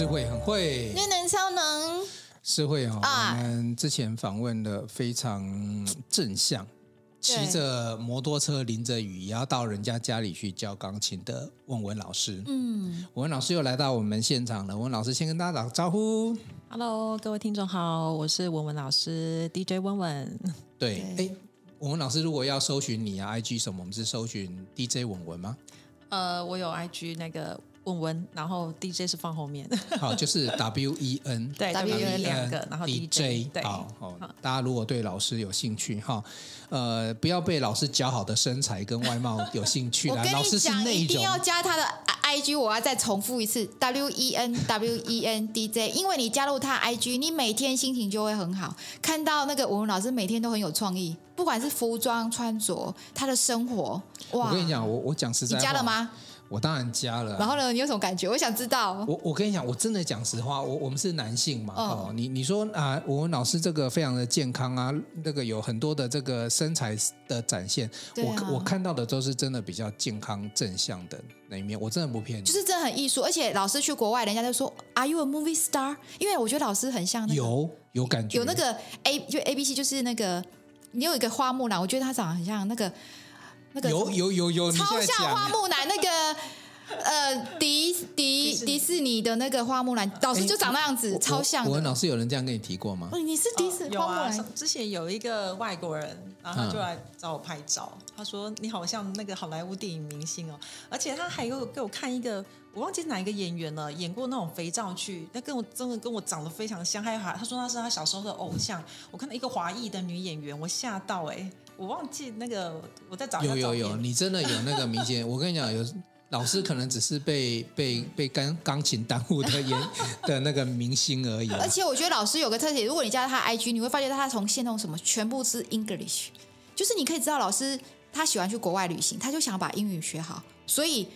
詩慧很會，瑞仁超能，詩慧哦，啊、我們之前訪問的非常正向，騎着摩托車淋着雨也要到人家家裡去教鋼琴的文文老師，嗯，文文老師又來到我們現場了，文文老師先跟大家打個招呼，Hello，各位聽眾好，我是文文老師 DJ 文文，對，哎、欸，文文老師如果要搜尋你啊，IG 什麼，我們是搜尋 DJ 文文嗎？呃，我有 IG 那個。文文,文，然後 DJ 是放後面，好，就是 WEN, W E N，對，W E N 兩個，然後 DJ，, DJ 對好,好，好，大家如果對老師有興趣哈，呃，不要被老師姣好的身材跟外貌有興趣 我跟你講老師是那一種,一定要加他的 I G，我要再重複一次 W E N W E N D J， 因為你加入他 I G，你每天心情就會很好，看到那個文文老師每天都很有創意，不管是服裝穿着，他的生活，哇，我跟你講，我我講實在，你加了嗎？我當然加了。啊，然後呢？你有什麼感覺？我想知道。我我跟你講，我真的講實話，我我們是男性嘛，嗯、哦，你你說啊，我們老師這個非常的健康啊，那個有很多的這個身材的展現，啊、我我看到的都是真的比較健康正向的那一面，我真的不騙你。就是真的很藝術，而且老師去國外，人家就說 Are you a movie star？因為我覺得老師很像，那個，有有感覺，有那個 A，就 A B C 就是那個你有一個花木蘭，我覺得他長得很像那個。那個、有有有有，超像花木蘭那個，呃，迪迪迪士，迪士尼的那個花木蘭，老師就長那樣子，欸、超像我。我老師有人這樣跟你提過嗎？欸、你是迪士尼、哦、花木蘭、啊？之前有一個外國人，然後他就來找我拍照，嗯、他說你好像那個好萊塢電影明星哦、喔，而且他還有給我看一個，我忘記是哪一個演員了，演過那種肥皂劇，他跟我真的跟我長得非常像，還有他說他是他小時候的偶像。嗯、我看到一個華裔的女演員，我嚇到哎、欸。我忘記那個，我在找。有有有，你真的有那個民間？ 我跟你講，有老師可能只是被被被鋼鋼琴耽誤的演 的那個明星而已、啊。而且我覺得老師有個特點，如果你加他 IG，你會發現他從線動什麼全部是 English，就是你可以知道老師他喜歡去國外旅行，他就想把英語學好。所以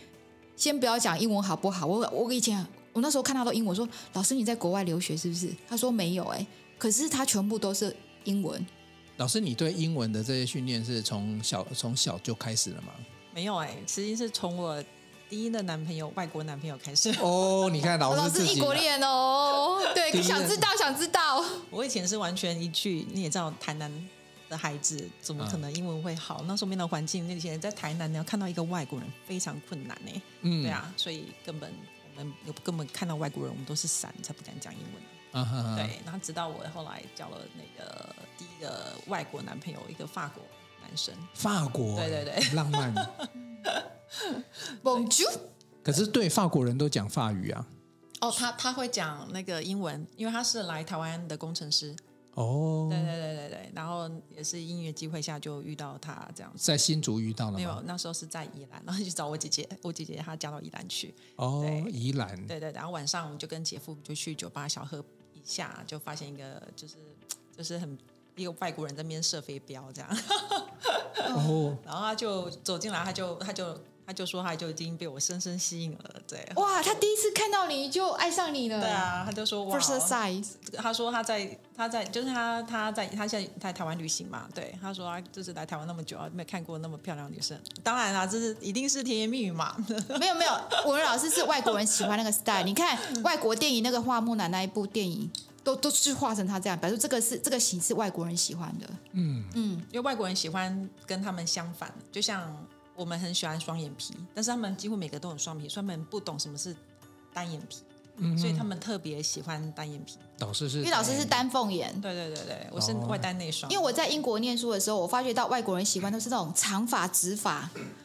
先不要講英文好不好？我我以前我那時候看到他都英文，說老師你在國外留學是不是？他說沒有哎、欸，可是他全部都是英文。老師，你對英文的這些訓練是從小從小就開始了嗎？沒有哎、欸，實際是從我第一任男朋友外國男朋友開始哦。你看，老師，老師異國戀哦。 對，想知道，想知道。我以前是完全一句，你也知道，台南的孩子怎麼可能英文會好？啊、那時候沒有環境，那些人在台南你要看到一個外國人非常困難呢、欸。嗯，對啊，所以根本我們有根本看到外國人，我們都是散，才不敢講英文。啊、哈哈對，然後直到我後來交了那個。第一個外國男朋友，一個法國男生。法國，對對對，浪漫 Bonjour。可是對法國人都講法語啊。哦，他他會講那個英文，因為他是來台灣的工程師。哦。對對對對對，然後也是音樂機會下就遇到他這樣子，在新竹遇到了。沒有，那時候是在宜蘭，然後去找我姐姐，我姐姐她嫁到宜蘭去。哦，宜蘭。對，對對，然後晚上我們就跟姐夫就去酒吧小喝一下，就發現一個就是就是很。也有外國人在那邊射飛鏢，這樣、oh.， 然後他就走進來，他就，他就，他就說，他就已經被我深深吸引了，對哇，他第一次看到你就愛上你了。對啊，他就說哇，他說他在，他在，就是他，他在，他現在在台灣旅行嘛，對，他說就是來台灣那麼久啊，沒看過那麼漂亮的女生。當然啦，這是一定是甜言蜜語嘛。 沒有沒有，我的老師是外國人喜歡那個 style。 你看外國電影那個花木蘭那一部電影。都都是畫成他這樣，比如說這個是這個型是外國人喜歡的，嗯嗯，因為外國人喜歡跟他們相反，就像我們很喜歡雙眼皮，但是他們幾乎每個都有雙眼皮，所以他們不懂什麼是單眼皮，嗯、所以他們特別喜歡單眼皮。老師是，因為老師是單鳳眼，眼，對，對對對對，我是外單內雙、哦。因為我在英國念書的時候，我發覺到外國人喜歡都是那種長髮直髮，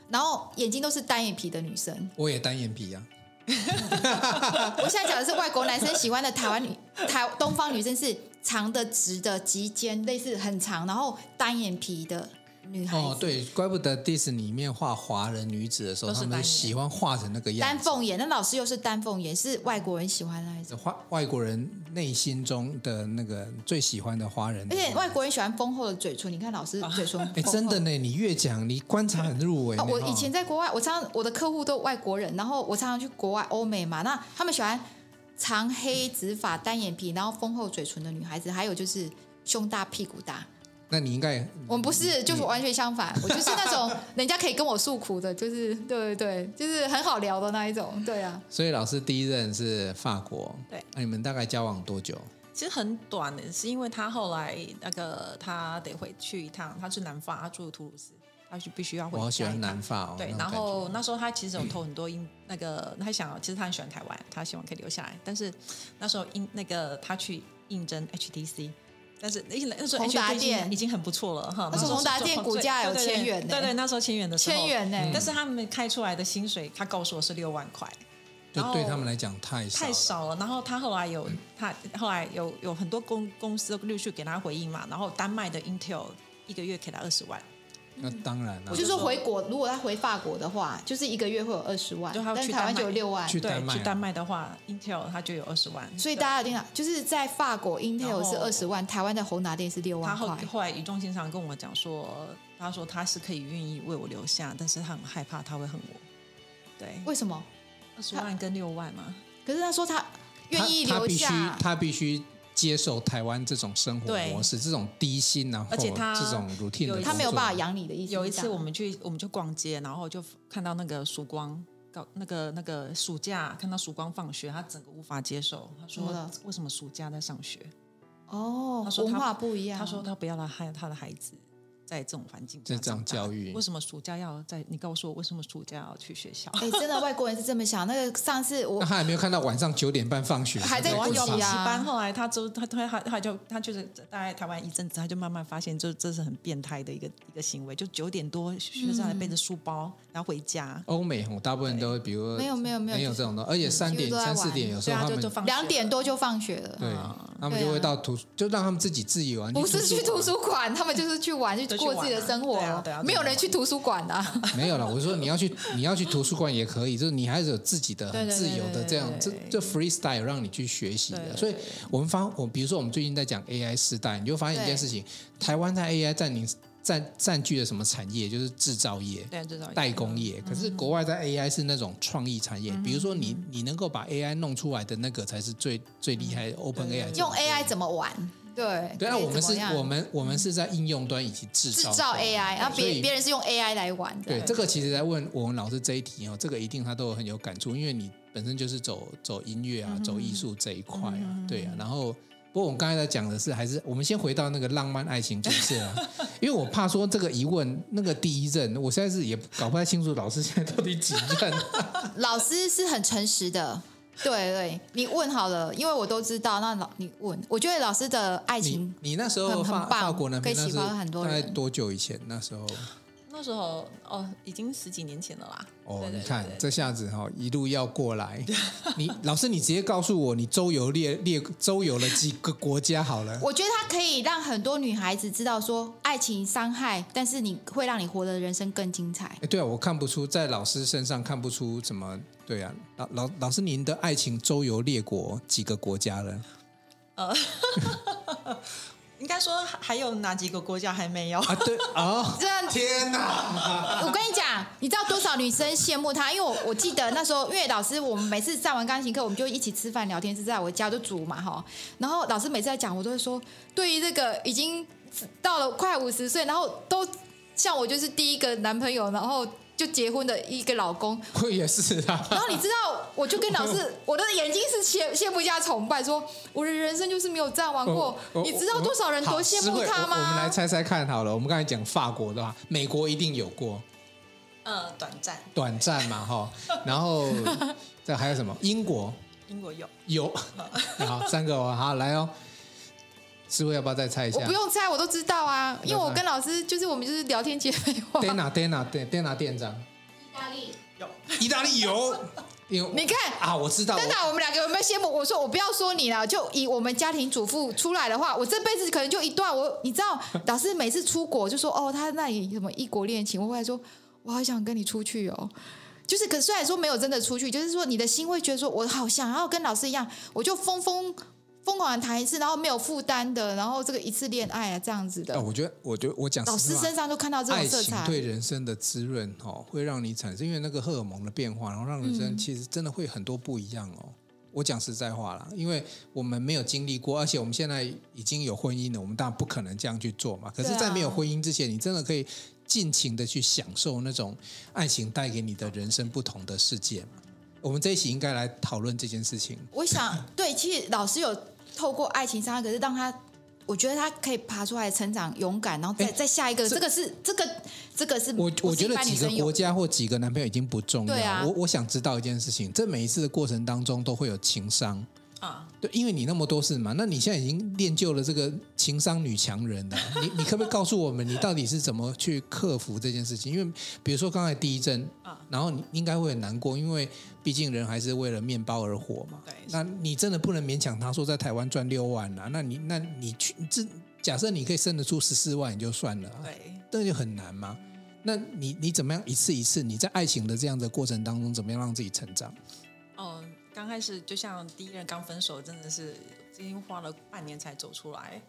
然後眼睛都是單眼皮的女生。我也單眼皮呀、啊。 我現在講的是外國男生喜歡的台灣女，台，東方女生是長的直的及肩，類似很長，然後單眼皮的。女哦，對，怪不得迪士尼裡面畫華人女子的時候，他們喜歡畫成那個樣子，丹鳳眼。那老師又是丹鳳眼，是外國人喜歡的那種。畫外國人內心中的那個最喜歡的華人的，而且外國人喜歡豐厚的嘴唇。你看老師嘴唇，哎、啊欸，真的呢。你越講，你觀察很入微、啊。我以前在國外，我常，常我的客戶都外國人，然後我常常去國外歐美嘛，那他們喜歡長黑直髮、單眼皮、嗯，然後豐厚嘴唇的女孩子，還有就是胸大、屁股大。那你應該我們不是，就是完全相反。我就是那種 人家可以跟我訴苦的，就是對對對，就是很好聊的那一種。對啊。所以老師第一任是法國。對。那你們大概交往多久？其實很短的，是因為他後來那個他得回去一趟，他去南法，他住圖魯斯，他是必須要回。我好喜歡南法哦。對，然後那時候他其實有投很多應那個，他想其實他很喜歡台灣，他希望可以留下來，但是那時候應那個他去應徵 HTC。但是那時候宏達電已經很不錯了哈，那時候是宏達電股價有千元呢、欸，對,對對，那時候千元的時候，千元呢、欸。但是他們開出來的薪水，他告訴我是六萬塊，就對他們來講太少太少了。然後他後來有，他後來有有很多公公司陸續給他回應嘛，然後丹麥的 Intel 一個月給他二十萬。那當然了。就是回國，如果他回法國的話，就是一個月會有二十萬；就他去但台灣就有六萬去對去、啊。去丹麥的話，Intel 他就有二十萬。所以大家一定要，就是在法國 Intel 是二十萬，台灣的宏達電是六萬，他後來一眾經常跟我講說，他說他是可以願意為我留下，但是他很害怕他會恨我。對，為什麼二十萬跟六萬嗎？可是他說他願意留下，他，他必須。接受台灣這種生活模式，這種低薪，而且他，然後這種 routine，他沒有辦法養你的意思的。有一次我們去，我們去逛街，然後就看到那個曙光，搞，那個那個暑假看到曙光放學，他整個無法接受，他說：“為什麼暑假在上學？”哦、嗯，文化、oh, 不一樣。他說他不要來害他的孩子。在這種環境這樣，這種教育，為什麼暑假要在？你告訴我為什麼暑假要去學校？哎 欸，真的外國人是這麼想。那個上次我， 那他還沒有看到晚上九點半放學，還在補習班。後來他，他就，他他他他就他就是待台灣一陣子，他就慢慢發現就，就這是很變態的一個一個行為。就九點多學生還背着書包、嗯、然後回家。歐美，我大部分都會，比如沒有沒有沒有沒有這種的，而且三點三四、嗯、點有時候他們兩、啊、點多就放學了，對、啊對啊，他們就會到圖就讓他們自己自己玩。不是去圖書館，他們就是去玩 去過自己的生活，對啊對啊對啊對啊，沒有人去圖書館的。沒有啦，我說你要去，你要去圖書館也可以，就是你還是有自己的很自由的這，對對對對對對，這樣這這 freestyle 讓你去學習的。對對對對，所以我們發，我比如說我們最近在講 AI 時代，你就發現一件事情：台灣在 AI 佔領佔佔據了什麼產業？就是製造業、對、製造業代工業。可是國外在 AI 是那種創意產業，嗯、比如說你、嗯、你能夠把 AI 弄出來的那個才是最、嗯、最厲害的 Open AI。用 AI 怎麼玩？對，對啊，我們是，我們我們是在應用端以及製造，製造 AI，然後別別人是用 AI 來玩的，對，這個其實，在問我們老師這一題哦，這個一定他都很有感觸，因為你本身就是走走音樂啊、嗯，走藝術這一塊啊、嗯，對啊，然後，不過我們剛才在講的是，還是我們先回到那個浪漫愛情故事啊， 因為我怕說這個一問，那個第一任，我現在是也搞不太清楚，老師現在到底幾任。老師是很誠實的。對對，你問好了，因為我都知道。那老你問，我覺得老師的愛情你，你那時候很棒時候可以喜歡很多人，大概多久以前？那時候。那時候哦，已經十幾年前了啦。哦、oh，你看這下子哈，一路要過來。你老師，你直接告訴我，你周遊列列周遊了幾個國家好了。我覺得它可以讓很多女孩子知道說，愛情傷害，但是你會讓你活得人生更精彩。哎，對啊，我看不出在老師身上看不出什麼。對啊，老老老師，您的愛情周遊列國幾個國家了？呃、oh. 應該說還有哪幾個國家還沒有？啊，對啊、哦，這樣天哪！我跟你講，你知道多少女生羨慕她？因為我我記得那時候，因為老師我們每次上完鋼琴課，我們就一起吃飯聊天，是在我家我就煮嘛，哈。然後老師每次在講，我都會說，對於這個已經到了快五十歲，然後都像我就是第一個男朋友，然後。就結婚的一個老公，我也是啊。然後你知道，我就跟老師，我，我的眼睛是羨羨慕加崇拜，說我的人生就是沒有這樣玩過。你知道多少人多羨慕，慕他嗎我？我們來猜猜看，好了，我們剛才講法國的話，美國一定有過，呃，短暫，短暫嘛哈。然後 這還有什麼？英國，英國有有。好， 三個，好來哦。詩慧要不要再猜一下？我不用猜，我都知道啊，因為我跟老師就是我們就是聊天姐妹話。Dana，Dana，Dana 店長，意大利有，意大利有，有。你 看啊，我知道。Dana，我，我，我們兩個有沒有羨慕？我說我不要說你了，就以我們家庭主婦出來的話，我這輩子可能就一段。我你知道，老師每次出國就說哦，他那裡什麼異國戀情，我會說我好想跟你出去哦，就是可是雖然說沒有真的出去，就是說你的心會覺得說我好想要跟老師一樣，我就瘋瘋，瘋狂的談一次，然後沒有負擔的，然後這個一次戀愛啊，這樣子的。哦、我覺得，我覺得我講實話，老師身上就看到這種色彩。愛情對人生的滋潤哦，會讓你產生，因為那個荷爾蒙的變化，然後讓人生其實真的會很多不一樣哦。嗯、我講實在話了，因為我們沒有經歷過，而且我們現在已經有婚姻了，我們當然不可能這樣去做嘛。可是，在沒有婚姻之前，啊、你真的可以盡情的去享受那種愛情帶給你的人生不同的世界。我們這一期應該來討論這件事情。我想，對，其實老師有透過愛情傷害，可是讓他，我覺得他可以爬出來成長、勇敢，然後再、欸、再下一個，這個是這個、這個、這個是，是。我我覺得幾個國家或幾個男朋友已經不重要了。啊、我我想知道一件事情，這每一次的過程當中都會有情商。啊，uh，對，因為你那麼多事嘛，那你現在已經練就了這個情商女強人了啊。你你可不可以告訴我們，你到底是怎麼去克服這件事情？因為比如說剛才第一針啊，uh，然後你應該會很難過，因為畢竟人還是為了麵包而活嘛。對，那你真的不能勉強他說在台灣賺六萬啊？那你那你去這假設你可以生得出十四萬也就算了，對，那就很難嗎？那你你怎麼樣一次一次你在愛情的這樣的過程當中，怎麼樣讓自己成長？剛開始就像第一任剛分手，真的是，已經花了半年才走出來，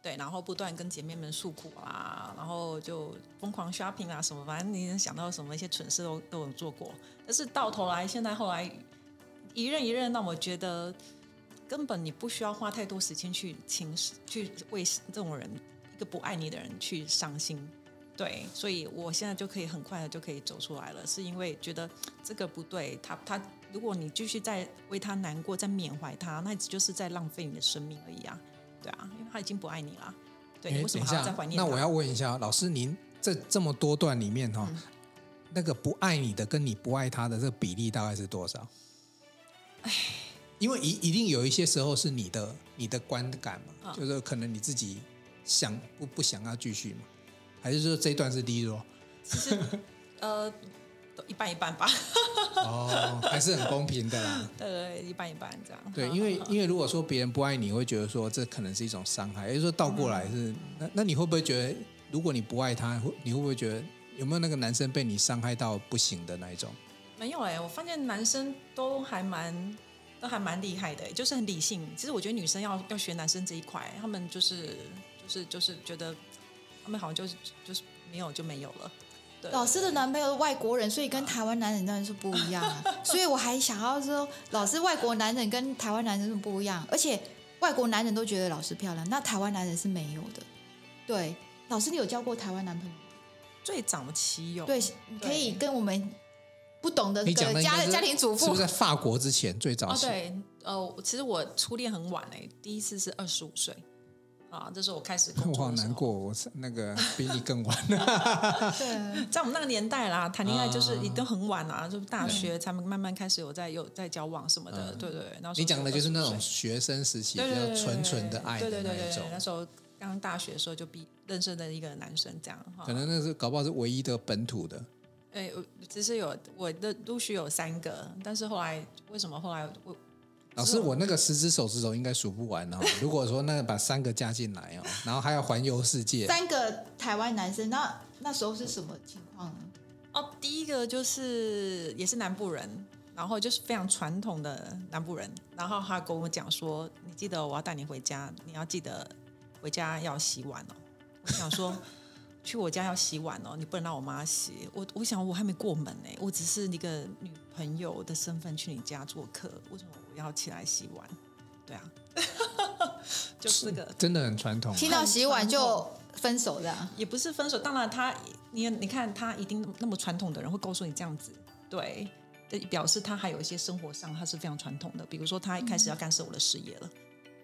對，然後不斷跟姐妹們訴苦啊，然後就瘋狂 shopping 啊，什麼，反正你能想到什麼一些蠢事都都有做過，但是到頭來現在後來一任一任，讓我覺得根本你不需要花太多時間去傾去為這種人一個不愛你的人去傷心，對，所以我現在就可以很快的就可以走出來了，是因為覺得這個不對，他他。如果你繼續在為他難過，在緬懷他，那一直就是在浪費你的生命而已啊，對啊，因為他已經不愛你了，對。為，為什麼還要在懷念他？那我要問一下老師，您這這麼多段裡面哈、哦嗯，那個不愛你的跟你不愛他的這個比例大概是多少？唉，因為一一定有一些時候是你的你的觀感嘛、嗯，就是可能你自己想不不想要繼續嘛，還是說這一段是低落？其實， 呃。一半一半吧，哦，還是很公平的啦。對 對，一半一半這樣。對，因為因為如果說別人不愛你，會覺得說這可能是一種傷害。也就是說，倒過來是，嗯、那那你會不會覺得，如果你不愛他，你會不會覺得有沒有那個男生被你傷害到不行的那一種？沒有哎、欸，我發現男生都還蠻都還蠻厲害的，就是很理性。其實我覺得女生要要學男生這一塊，他們就是就是就是覺得他們好像就是就是沒有就沒有了。老師的男朋友是外國人，所以跟台灣男人當然是不一樣啊。所以我還想要說，老師外國男人跟台灣男人是不一樣啊，而且外國男人都覺得老師漂亮，那台灣男人是沒有的。對，老師你有交過台灣男朋友嗎？最早期有，對。對，可以跟我們不懂的家的家庭主婦。是，是在法國之前最早期。哦。呃，其實我初戀很晚哎，第一次是二十五歲。啊，這是我開始工作，我好難過，我那個比你更晚。 對、啊， 在我們那個年代啦，談戀愛就是已經很晚了、啊，就大學才慢慢開始有在有在交往什麼的。啊、對，對對，然後你講的就是那種學生時期比較純純的愛的那種對，對，對，對對對，那時候剛大學的時候就比認識了一個男生，這樣哈、啊。可能那是搞不好是唯一的本土的。哎，其實有我的陸續有三個，但是後來為什麼後來我？老師，我那個十只手指頭應該數不完哦。如果說那把三個加進來哦，然後還要環遊世界。三個台灣男生，那那時候是什麼情況呢？哦，第一個就是也是南部人，然後就是非常傳統的南部人，然後他跟我講說：“你記得我要帶你回家，你要記得回家要洗碗哦。”我想說， 去我家要洗碗哦，你不能讓我媽洗。我我想我還沒過門呢，我只是一個女朋友的身份去你家做客，為什麼？要起來洗碗，對啊， 就四、這個是，真的很傳統。聽到洗碗就分手的，啊，的也不是分手。當然他，他你你看，他一定那麼傳統的人會告訴你這樣子，對，表示他還有一些生活上他是非常傳統的。比如說，他一開始要干涉我的事業了，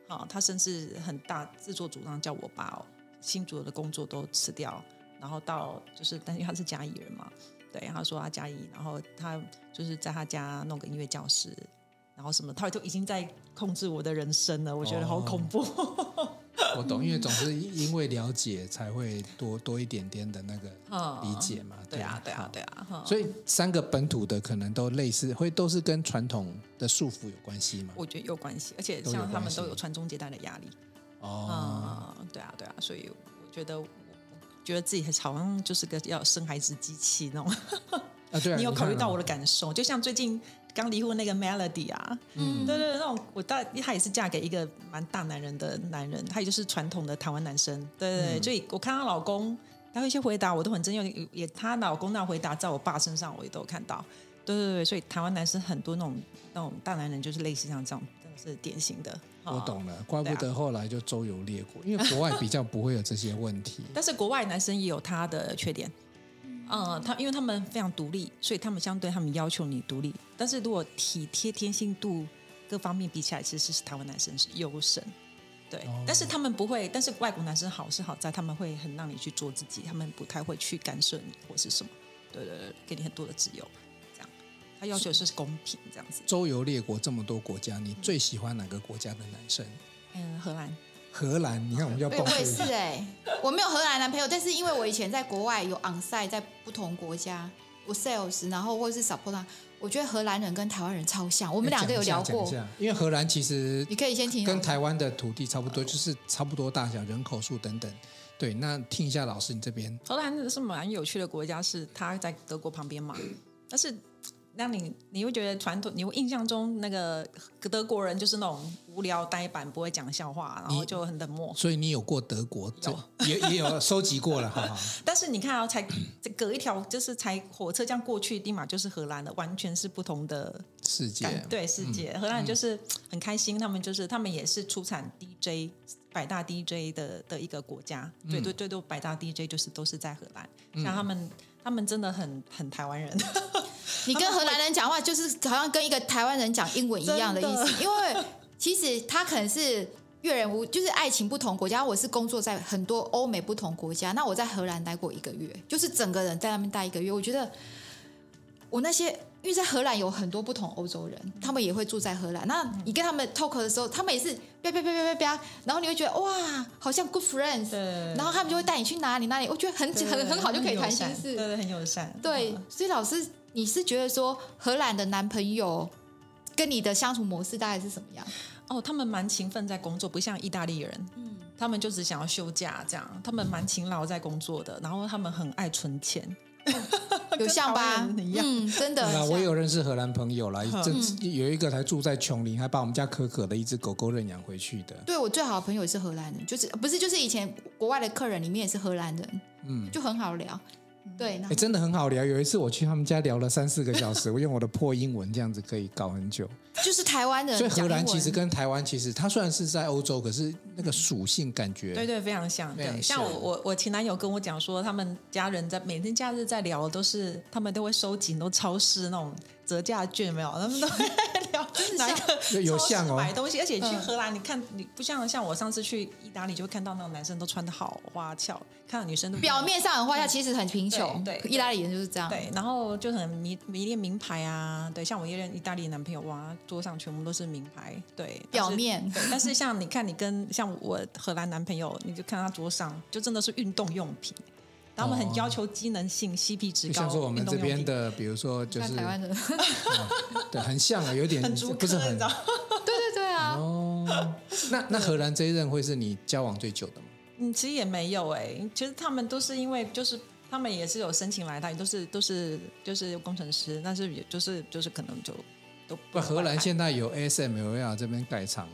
好，嗯，他甚至很大自作主張叫我把，哦、新竹的工作都辭掉，然後到就是，但是他是家義人嘛，對，他說他嘉義，然後他就是在他家弄個音樂教室。然後什麼，他已經在控制我的人生了，我覺得好恐怖。Oh, 我懂，因為總是因為了解才會多多一點點的那個理解嘛。對，對啊，對啊，對啊，對啊，對啊。所以三個本土的可能都類似，會都是跟傳統的束縛有關係嘛？我覺得有關係，而且像，像他們都有傳宗接代的壓力。哦、oh. 嗯，對啊，對啊。所以我覺得，我覺得自己好像就是個要生孩子機器那種。啊，對啊。 你有考慮到我的感受？就像最近。剛離婚那個 Melody 啊，嗯，對對，那種我大她，也是嫁給一個蠻大男人的男人，他也就是傳統的台灣男生，對對、對，嗯，所以我看她老公，他有一些回答我都很尊重，也她老公那回答在我爸身上我也都有看到，對對對，所以台灣男生很多那種那種大男人就是類似像這樣，真的是典型的。我懂了，怪不得後來就周遊列國，啊，因為國外比較不會有這些問題。 但是國外男生也有他的缺點。嗯，他因為他們非常獨立，所以他們相對他們要求你獨立。但是如果體貼、天性度各方面比起來，其實是台灣男生是優勝。對、哦，但是他們不會，但是外國男生好是好在他們會很讓你去做自己，他們不太會去干涉你或是什麼。對對對，給你很多的自由，這樣。他要求是公平，這樣子。周遊列國這麼多國家，你最喜歡哪個國家的男生？嗯，嗯，荷蘭。荷蘭，你看我們叫。我也是哎、欸，我沒有荷蘭男朋友，但是因為我以前在國外有 onsite，在不同國家我 sales，然後或者是 support，我覺得荷蘭人跟台灣人超像，我們兩個有聊過。因為荷蘭其實你可以先聽。跟台灣的土地差不多，就是差不多大小、人口數等等，對。那聽一下老師你這邊。荷蘭是蠻有趣的國家，是他在德國旁邊嘛？但是。那你你會覺得傳統？你會印象中那個德國人就是那種無聊呆板，不會講笑話，然後就很冷漠。所以你有過德國？有， 也也有收集過了，哈，好好。但是你看啊，才隔一條，就是才火車這樣過去，立馬就是荷蘭了，完全是不同的世界。對，世界、嗯、荷蘭就是很開心，嗯、他們就是他們也是出產 DJ 百大 DJ 的的一個國家，最多最多百大 DJ 就是都是在荷蘭。嗯、像他們，他們真的很很台灣人。你跟荷蘭人講話，就是好像跟一個台灣人講英文一樣的意思的，因為其實他可能是閱人無，就是愛情不同國家。我是工作在很多歐美不同國家，那我在荷蘭待過一個月，就是整個人在那邊待一個月，我覺得我那些，因為在荷蘭有很多不同歐洲人，他們也會住在荷蘭。那你跟他們 talk 的時候，他們也是然後你會覺得哇，好像 good friends，然後他們就會帶你去哪裡哪裡，我覺得很很很好，就可以談心事，對，對，對，很友善，對，所以老師。你是覺得說荷蘭的男朋友跟你的相處模式大概是什麼樣？哦，他們蠻勤奮在工作，不像意大利人。嗯。他們就只想要休假，這樣。他們蠻勤勞在工作的，然後他們很愛存錢，嗯嗯、有像吧？一樣。嗯、真的、嗯，我有認識荷蘭朋友啦、嗯、正有一個還住在瓊林，還把我們家可可的一隻狗狗認養回去的。對，我最好的朋友也是荷蘭人，就是不是就是以前國外的客人裡面也是荷蘭人，嗯，就很好聊。對，哎、欸，真的很好聊。有一次我去他們家聊了三四個小時， 我用我的破英文這樣子可以搞很久。就是台灣人，所以荷蘭其實跟台灣其實，他雖然是在歐洲，可是那個屬性感覺，嗯、對對，非常像。非常像，對像我我我前男友跟我講說，他們家人在每天假日在聊，都是他們都會收集都超市那種。折價券沒有，他們都在聊哪一個超市買東西，哦、而且去荷蘭，你看，嗯、你不像像我上次去意大利，就會看到那種男生都穿的好花俏，看到女生都表面上很花俏，其實很貧窮，嗯，對，意大利人就是這樣，對，然後就很迷迷戀名牌啊，對，像我一任意大利男朋友，哇，桌上全部都是名牌，對，表面對，但是像你看，你跟 像我荷蘭男朋友，你就看他桌上就真的是運動用品。然後我們很要求機能性，CP 值高，哦。就像是我們這邊的，比如說就是台灣人、 嗯，對，很像啊，有點，很不是很，對對對啊。哦、那那荷蘭這一任會是你交往最久的嗎？嗯，其實也沒有哎、欸。其實他們都是因為就是他們也是有申請來的，都是都是就是有工程師，但是也就是就是可能就。不，荷蘭現在有 S M L 這邊蓋廠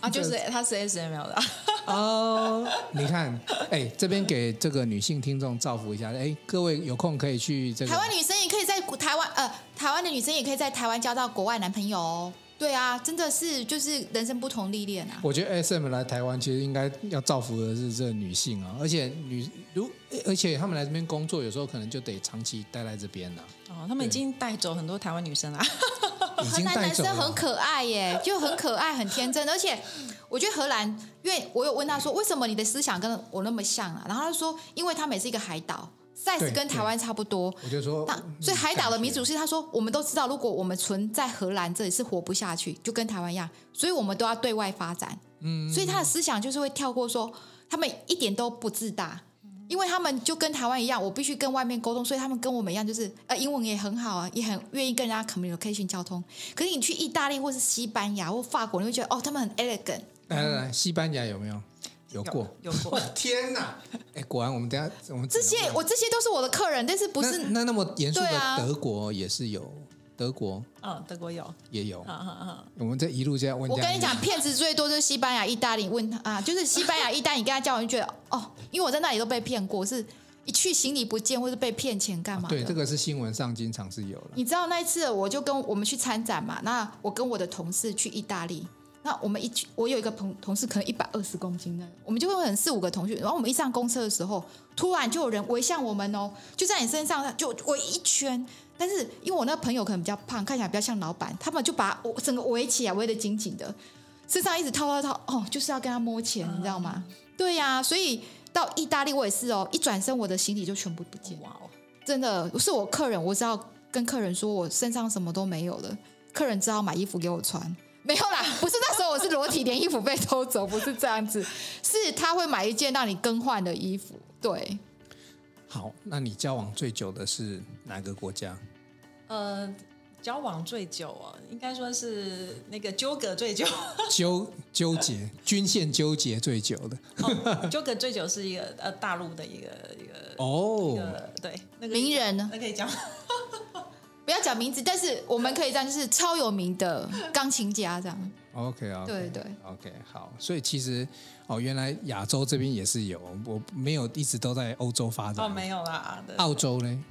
啊，就是他是 S M L 的、啊。哦， 你看，哎、欸，這邊給這個女性聽眾造福一下，哎、欸，各位有空可以去這個。台灣女生也可以在台灣，呃，台灣的女生也可以在台灣交到國外男朋友哦。對啊，真的是就是人生不同歷練啊。我覺得 S M 來台灣其實應該要造福的是這女性啊，而且女如而且他們來這邊工作，有時候可能就得長期待在這邊了、啊。哦，他們已經帶走很多台灣女生了。 荷蘭男生很可愛耶，就很可愛、很天真，而且我覺得荷蘭，因為我有問他，說為什麼你的思想跟我那麼像啊？然後他說，因為他們也是一個海島，size 跟台灣差不多。我就說，所以海島的民主是，他說我們都知道，如果我們存在荷蘭這裡是活不下去，就跟台灣一樣，所以我們都要對外發展。嗯，所以他的思想就是會跳過，說他們一點都不自大。因為他們就跟台灣一樣，我必須跟外面溝通，所以他們跟我們一樣，就是呃，英文也很好啊，也很願意跟人家 communication 交通。可是你去意大利或是西班牙或法國，你會覺得哦，他們很 elegant。來，來，來，西班牙有沒有？有過，有，有過。 天哪！哎、欸，果然我們等一下我們一下這些我們，我這些都是我的客人，但是不是那，那那麼嚴肅的德國也是有。德國，嗯、哦，德國有，也有，我們這一路就在問。我跟你講，騙子最多就是西班牙、意大利。問他啊，就是西班牙、意大利，跟他交往，我就覺得哦，因為我在那裡都被騙過，是一去行李不見，或是被騙錢幹嘛、哦？對，這個是新聞上經常是有的。你知道那一次，我就跟我們去參展嘛，那我跟我的同事去意大利，那我們一去，我有一個同同事可能一百二十公斤的，我們就會很四五個同事，然後我們一上公車的時候，突然就有人圍向我們哦，就在你身上就圍一圈。但是因為我那個朋友可能比較胖，看起來比較像老闆，他們就把我整個圍起來圍得緊緊的，身上一直掏掏掏，哦，就是要跟他摸錢，你知道嗎？對呀、啊，所以到意大利我也是哦，一轉身我的行李就全部不見了，哇哦，真的，是我客人，我只好跟客人說我身上什麼都沒有了，客人只好買衣服給我穿，沒有啦，不是那時候我是裸體， 連衣服被偷走，不是這樣子，是他會買一件讓你更換的衣服，對。好，那你交往最久的是哪個國家？呃，交往最久啊，應該說是那個糾葛最久，糾糾結 均線糾結最久的。哦，糾葛最久是一個呃大陸的一個一個哦，對，那個一個名人，那可以講， 不要講名字，但是我們可以這樣，就是超有名的鋼琴家這樣。OK 啊，對對對，OK 好，所以其實。哦，原來亞洲這邊也是有，我沒有一直都在歐洲發展。哦，沒有啦。澳洲呢？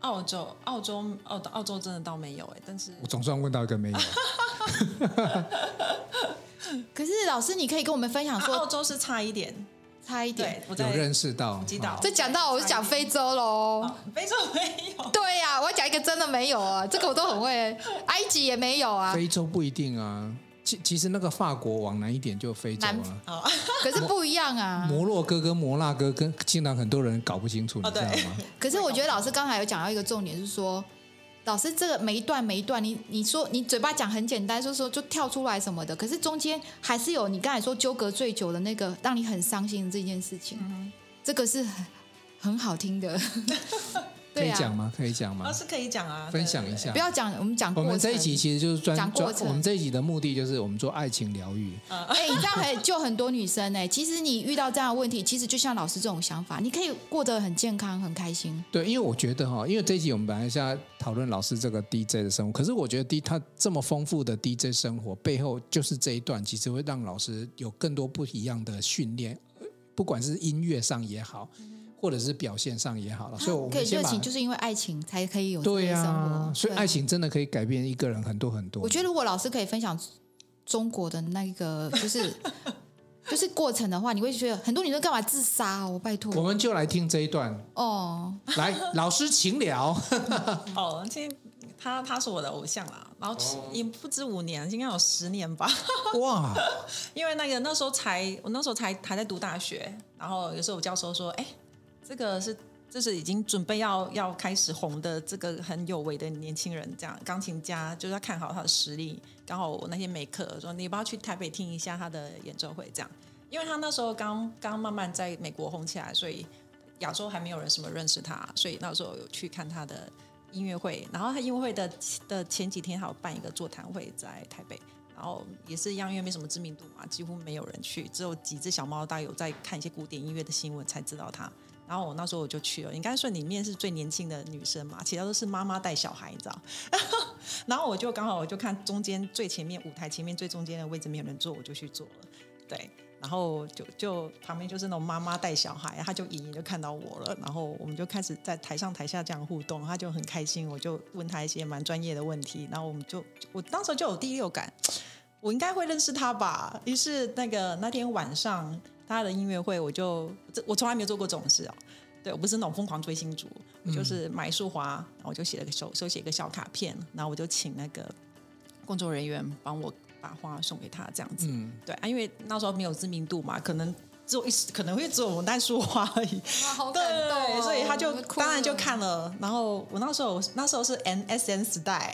澳洲，澳洲，澳澳洲真的倒沒有哎，但是我總算問到一個沒有。啊、 可是老師，你可以跟我們分享說、啊，澳洲是差一點，差一點。我有認識到。福吉島。這講到我是講非洲嘍、啊，非洲沒有。對呀、啊，我要講一個真的沒有啊，這個我都很會。 埃及也沒有啊。非洲不一定啊。其實那個法國往南一點就非洲啊，哦、可是不一樣啊。摩洛哥跟摩納哥跟竟然很多人搞不清楚，你知道嗎？哦、可是我覺得老師剛才有講到一個重點，是說老師這個每一段每一段，你你說你嘴巴講很簡單，說、就是、說就跳出來什麼的，可是中間還是有你剛才說糾葛最久的那個讓你很傷心的這件事情，嗯、這個是很，很好聽的。 可以講嗎？可以講嗎？老、哦、師可以講啊。對對對，分享一下。不要講，我們講。我們這一集其實就是專講過程專，我們這一集的目的就是我們做愛情療癒。哎、嗯，這樣可以救很多女生呢、欸。其實你遇到這樣的問題，其實就像老師這種想法，你可以過得很健康、很開心。對，因為我覺得哈，因為這一集我們本來是要討論老師這個 DJ 的生活，可是我覺得 D 他這麼豐富的 DJ 生活背後，就是這一段其實會讓老師有更多不一樣的訓練，不管是音樂上也好。嗯或者是表現上也好了，所以我們可以熱情，就是因為愛情才可以有對呀、啊，所以愛情真的可以改變一個人很多很多。我覺得如果老師可以分享中國的那個就是 就是過程的話，你會覺得很多女生幹嘛自殺哦？拜託，我們就來聽這一段哦。Oh. 來，老師請聊。哦、oh,，今天他他是我的偶像啦，然後也不止五年，應該有十年吧？哇、oh. 因為那個那時候才我那時候才還在讀大學，然後有時候我教授說，哎。這個是，這是已經準備要要開始紅的這個很有為的年輕人，這樣鋼琴家，就是要看好他的實力。剛好我那天沒課，說你不要去台北聽一下他的演奏會，這樣，因為他那時候剛剛慢慢在美國紅起來，所以亞洲還沒有人什麼認識他，所以那時候有去看他的音樂會。然後他音樂會的的前幾天，還有辦一個座談會在台北，然後也是一樣，因為沒什麼知名度嘛，幾乎沒有人去，只有幾隻小貓，大家有在看一些古典音樂的新聞才知道他。然後我那時候我就去了，應該算裡面是最年輕的女生嘛，其他都是媽媽帶小孩，你知道。 然後我就剛好我就看中間最前面舞台前面最中間的位置沒有人坐，我就去坐了。對，然後就就旁邊就是那種媽媽帶小孩，他就隱隱就看到我了，然後我們就開始在台上台下這樣互動，他就很開心。我就問他一些蠻專業的問題，然後我們就我當時就有第六感，我應該會認識他吧。於是那個那天晚上。他的音樂會我，我就我從來沒有做過這種事哦。對，我不是那種瘋狂追星族，嗯、我就是買一束花，然後我就寫了個手手寫一個小卡片，然後我就請那個工作人員幫我把花送給他，這樣子。嗯、對啊，因為那時候沒有知名度嘛，可能只有一可能會只有我們帶束花而已。對、哦，對，所以他就當然就看了。然後我那時候那時候是 MSN 時代，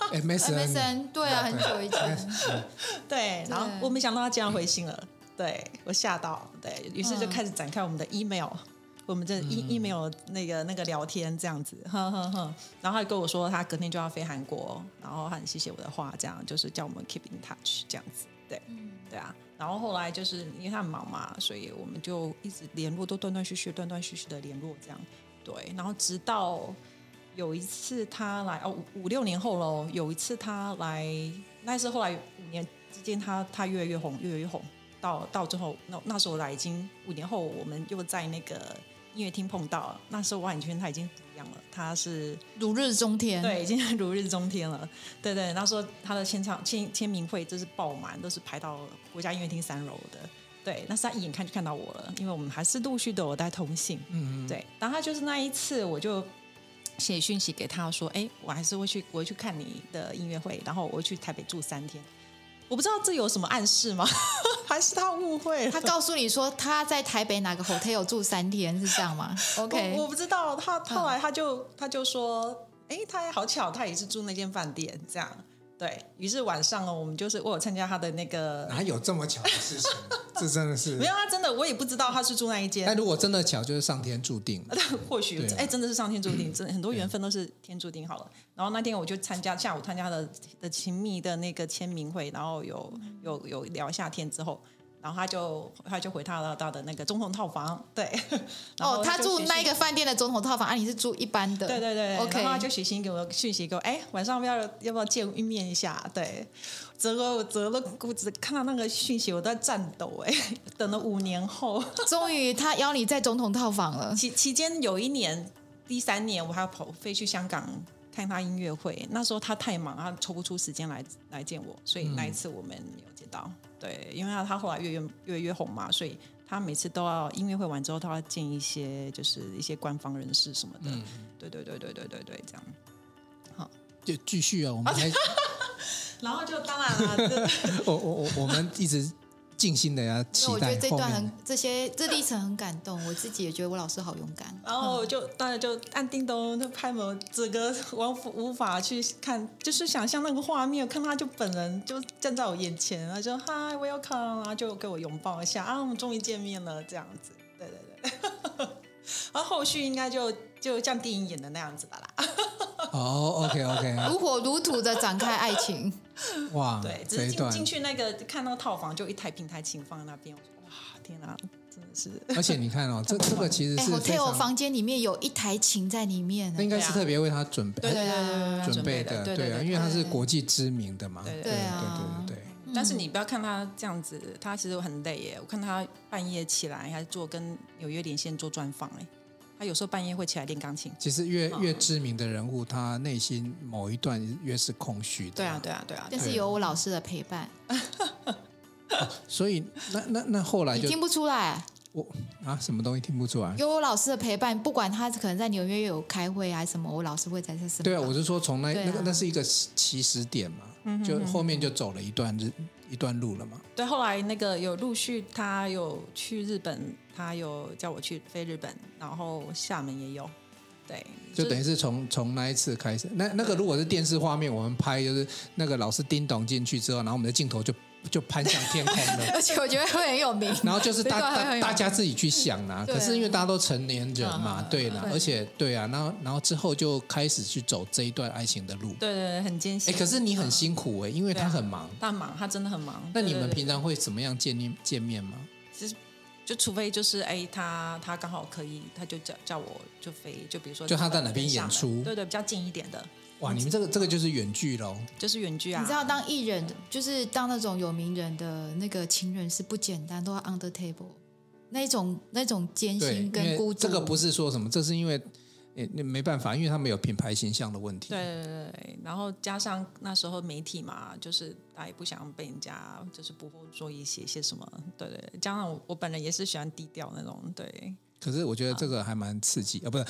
哈 MSN， MSN，對啊，yeah，很久以前。MSN。對，然後我沒想到他竟然回信了。對，我嚇到，對，於是就開始展開我們的 email，、啊、我們這 e email 那個、嗯、那個聊天這樣子，呵呵呵然後他跟我說他隔天就要飛韓國，然後他很謝謝我的話，這樣就是叫我們 keep in touch 這樣子，對，嗯、對啊，然後後來就是因為他很忙嘛，所以我們就一直聯絡，都斷斷續續，續、斷斷續續的聯絡這樣，對，然後直到有一次他來，哦，五五六年後了、哦，有一次他來，那是後來五年之間他他越來越紅，越來越紅。到到之後，那那時候來已經五年後，我們又在那個音樂廳碰到。那時候完全他已經不一樣了，他是如日中天，對，已經如日中天了。對對，對，那時候他的簽唱簽簽名會就是爆滿，都是排到了國家音樂廳三樓的。對，那時他一眼看就看到我了，因為我們還是陸續都有在通信。嗯嗯。對，然後他就是那一次，我就寫訊息給他說：“哎、欸，我還是會去，我會去看你的音樂會，然後我會去台北住三天。”我不知道這有什麼暗示嗎？ 還是他誤會？他告訴你說他在台北哪個 hotel 住三天是這樣嗎？OK，我，我不知道。他後來他就、嗯、他就說，哎、欸，他也好巧，他也是住那間飯店，這樣。對，於是晚上哦，我們就是我有參加他的那個，哪有這麼巧的事情？ 這真的是沒有，他真的，我也不知道他是住那一間。那如果真的巧，就是上天注定。 或許哎、欸，真的是上天注定，真的很多緣分都是天注定。好了，然後那天我就參加下午參加他的的情迷的那個簽名會，然後有有有聊一下天之後，然後他就他就回他到的那個總統套房，對。哦，他住那一個飯店的總統套房，啊，你是住一般的？對對對，OK。他就寫信給我，訊息給我，哎，晚上要不要要不要見面一下？對，結果我折了骨子，看到那個訊息我都在顫抖，哎，等了五年後，終於他邀你在總統套房了。期期間有一年，第三年我還要跑飛去香港。看他音樂會，那時候他太忙，他抽不出時間來來見我，所以那一次我們沒有見到。嗯、對，因為他他後來越越越越紅嘛，所以他每次都要音樂會完之後，他要見一些就是一些官方人士什麼的。嗯，對對對對對對對，這樣。好，就繼續啊，我們還。 然後就當然了， 我我我我們一直。 靜心的呀、啊，期待。因為我覺得這段很，這些這歷程很感動、啊，我自己也覺得我老師好勇敢。然後我就，當、嗯、然就按叮咚就拍門，這個我無法去看，就是想象那個畫面，看他就本人就站在我眼前，然後就嗨，welcome 啊，就給我擁抱，一下，啊，我們終於見面了，這樣子，對對對。 然後後續應該就就像電影演的那樣子吧啦。哦、 oh，OK OK，如火如荼的展開愛情。 哇，對，只是進這一段進去那個看到套房，就一台平台琴放在那邊，我說，哇，天哪，真的是。而且你看哦， 這這個其實是。我聽我房間裡面有一台琴在裡面、欸。那應該是特別為他準備。對啊，準備的，對、啊準備的對啊。對啊，因為他是國際知名的嘛。對啊，對啊對，對，對，對，對對。但是你不要看他這樣子，他其實很累耶。我看他半夜起來，他做跟紐約連線做專訪哎，他有時候半夜會起來練鋼琴。其實越越知名的人物，他內心某一段越是空虛的、嗯。對啊對啊對啊！但、啊就是有我老師的陪伴， 啊、所以那那那後來就你聽不出來、啊。我啊，什麼東西聽不出來？有我老師的陪伴，不管他可能在紐約有開會還、啊、是什麼，我老師會在這。上。對啊，我是說從那、啊、那個那是一個起始點嘛，就後面就走了一段日嗯哼嗯哼一段路了嘛。對，後來那個有陸續，他有去日本，他有叫我去飛日本，然後廈門也有，對，就，就等於是從從那一次開始。那那個如果是電視畫面，我們拍就是那個老師叮咚進去之後，然後我們的鏡頭就。就攀向天空了， 而且我覺得會很有名。 然後就是大大大家自己去想啦、啊，可是因為大家都成年人嘛，啊、對啦。對，而且對啊，然後然後之後就開始去走這一段愛情的路，對對對，很艱辛。哎、欸，可是你很辛苦哎、欸啊，因為他很忙，啊、他忙，他真的很忙。那你們平常會怎麼樣見面見面嗎？是，就除非就是哎、欸，他他剛好可以，他就叫叫我就飛，就比如說，就他在哪邊演出，演出對，對對，比較近一點的。哇，你們這個這個就是遠距嘍，就是遠距啊！你知道，當藝人就是當那種有名人的那個情人是不簡單，都要 under table 那一種那一種艱辛跟孤獨。這個不是說什麼，這是因為誒那、欸、沒辦法，因為他們有品牌形象的問題。對，對對對，然後加上那時候媒體嘛，就是他也不想被人家就是不會做一些些什麼。對對，對，加上我我本人也是喜歡低調那種，對。可是我覺得這個還蠻刺激，啊、不是，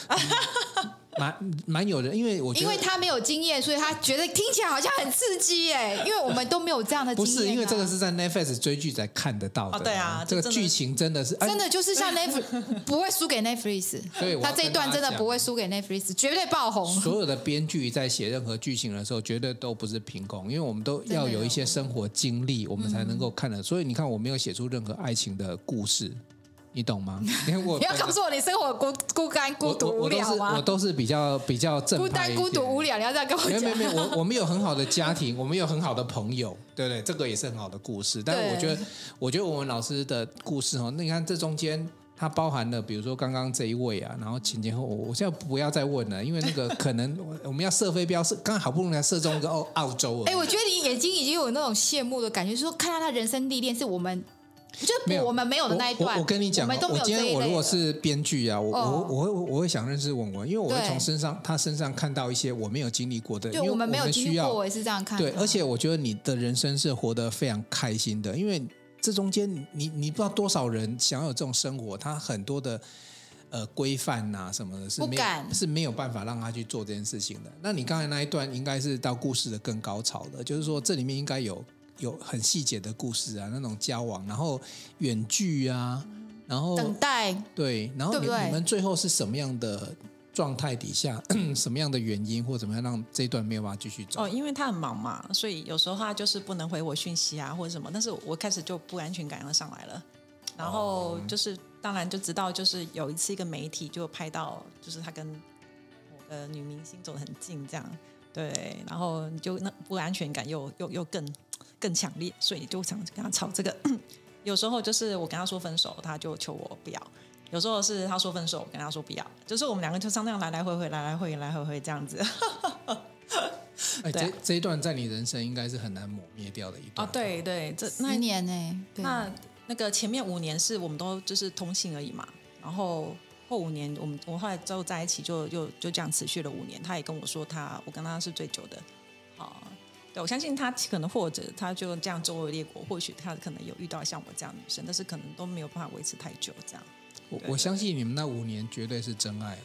嗯、蠻蠻有人，因為我覺得因為他沒有經驗，所以他覺得聽起來好像很刺激耶。因為我們都沒有這樣的經驗、啊。不是，因為這個是在 Netflix 追劇才看得到的、哦。對啊，這個劇情真的是、哎、真的就是像 Netflix，不會輸給 Netflix。所以，他這一段真的不會輸給 Netflix，絕對爆紅。所有的編劇在寫任何劇情的時候，絕對都不是憑空，因為我們都要有一些生活經歷，我們才能夠看的、嗯。所以你看，我沒有寫出任何愛情的故事。你懂嗎？我我你要告訴我你生活孤孤單、孤獨、無聊嗎？我我？我都是比較比較正常的。單孤單、孤獨、無聊，你要這樣跟我講？沒有沒有，我我們有很好的家庭，我們有很好的朋友，對不對，對？這個也是很好的故事。但是我覺得，我覺得我們老師的故事哈，那你看這中間它包含了，比如說剛剛這一位啊，然後請前後我我現在不要再問了，因為那個可能我們要射飛鏢，是剛剛好不容易才射中一個澳澳洲。哎、欸，我覺得你眼睛已經有那種羨慕的感覺，就是、說看到他人生歷練是我們。沒有，我們沒有的那一段。我，我跟你講我，我今天我如果是編劇啊，我我、oh. 我會我會想認識文文，因為我會從身上他身上看到一些我沒有經歷過的。因為我們沒有我們需要。對，我也是這樣看的。對，而且我覺得你的人生是活得非常開心的，因為這中間你你不知道多少人享有這種生活，他很多的呃規範吶、啊、什麼的，是沒有是沒有辦法讓他去做這件事情的。那你剛才那一段應該是到故事的更高潮的，就是說這裡面應該有。有很細節的故事啊，那種交往，然後遠距啊，然後等待，對，然後你對對你們最後是什麼樣的狀態底下，什麼樣的原因或怎麼樣讓這一段沒有辦法繼續走？哦，因為他很忙嘛，所以有時候他就是不能回我訊息啊，或者什麼。但是我開始就不安全感要上來了，然後就是、嗯、當然就知道，就是有一次一個媒體就拍到，就是他跟某個女明星走得很近，這樣對，然後你就那不安全感又又又更。更強烈，所以你就想跟他吵這個。 有時候就是我跟他說分手，他就求我不要；有時候是他說分手，我跟他說不要。就是我們兩個就像這樣來來回回，來來回回，來回回這樣子。哎、 欸啊，這這一段在你人生應該是很難抹滅掉的一段。啊，對對，這五年呢？那、欸、對，那、那、那個前面五年是我們都就是通信而已嘛。然後後五年，我們我後來之後在一起就，就就就這樣持續了五年。他也跟我說他，他我跟他是最久的。啊對，我相信他可能或者他就這樣周遊列國，或許他可能有遇到像我這樣的女生，但是可能都沒有辦法維持太久這樣。我我相信你們那五年絕對是真愛。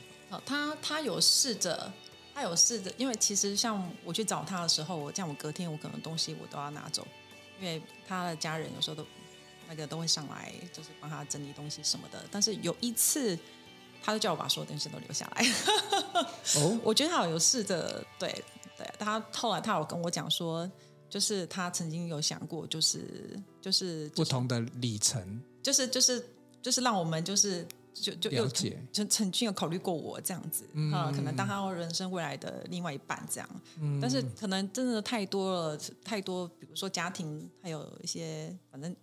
他他有試着，他有試着，因為其實像我去找他的時候，我這樣我隔天我可能東西我都要拿走，因為他的家人有時候都那個都會上來，就是幫他整理東西什麼的。但是有一次，他就叫我把所有東西都留下來。 哦，我覺得他有試着，對。對，他後來他有跟我講說，就是他曾經有想過、就是，就是就是不同的里程，就是就是、就是、就是讓我們就是就就又解，又就曾經有考慮過我這樣子啊、嗯，可能當他人生未來的另外一半這樣、嗯，但是可能真的太多了，太多，比如說家庭還有一些，反正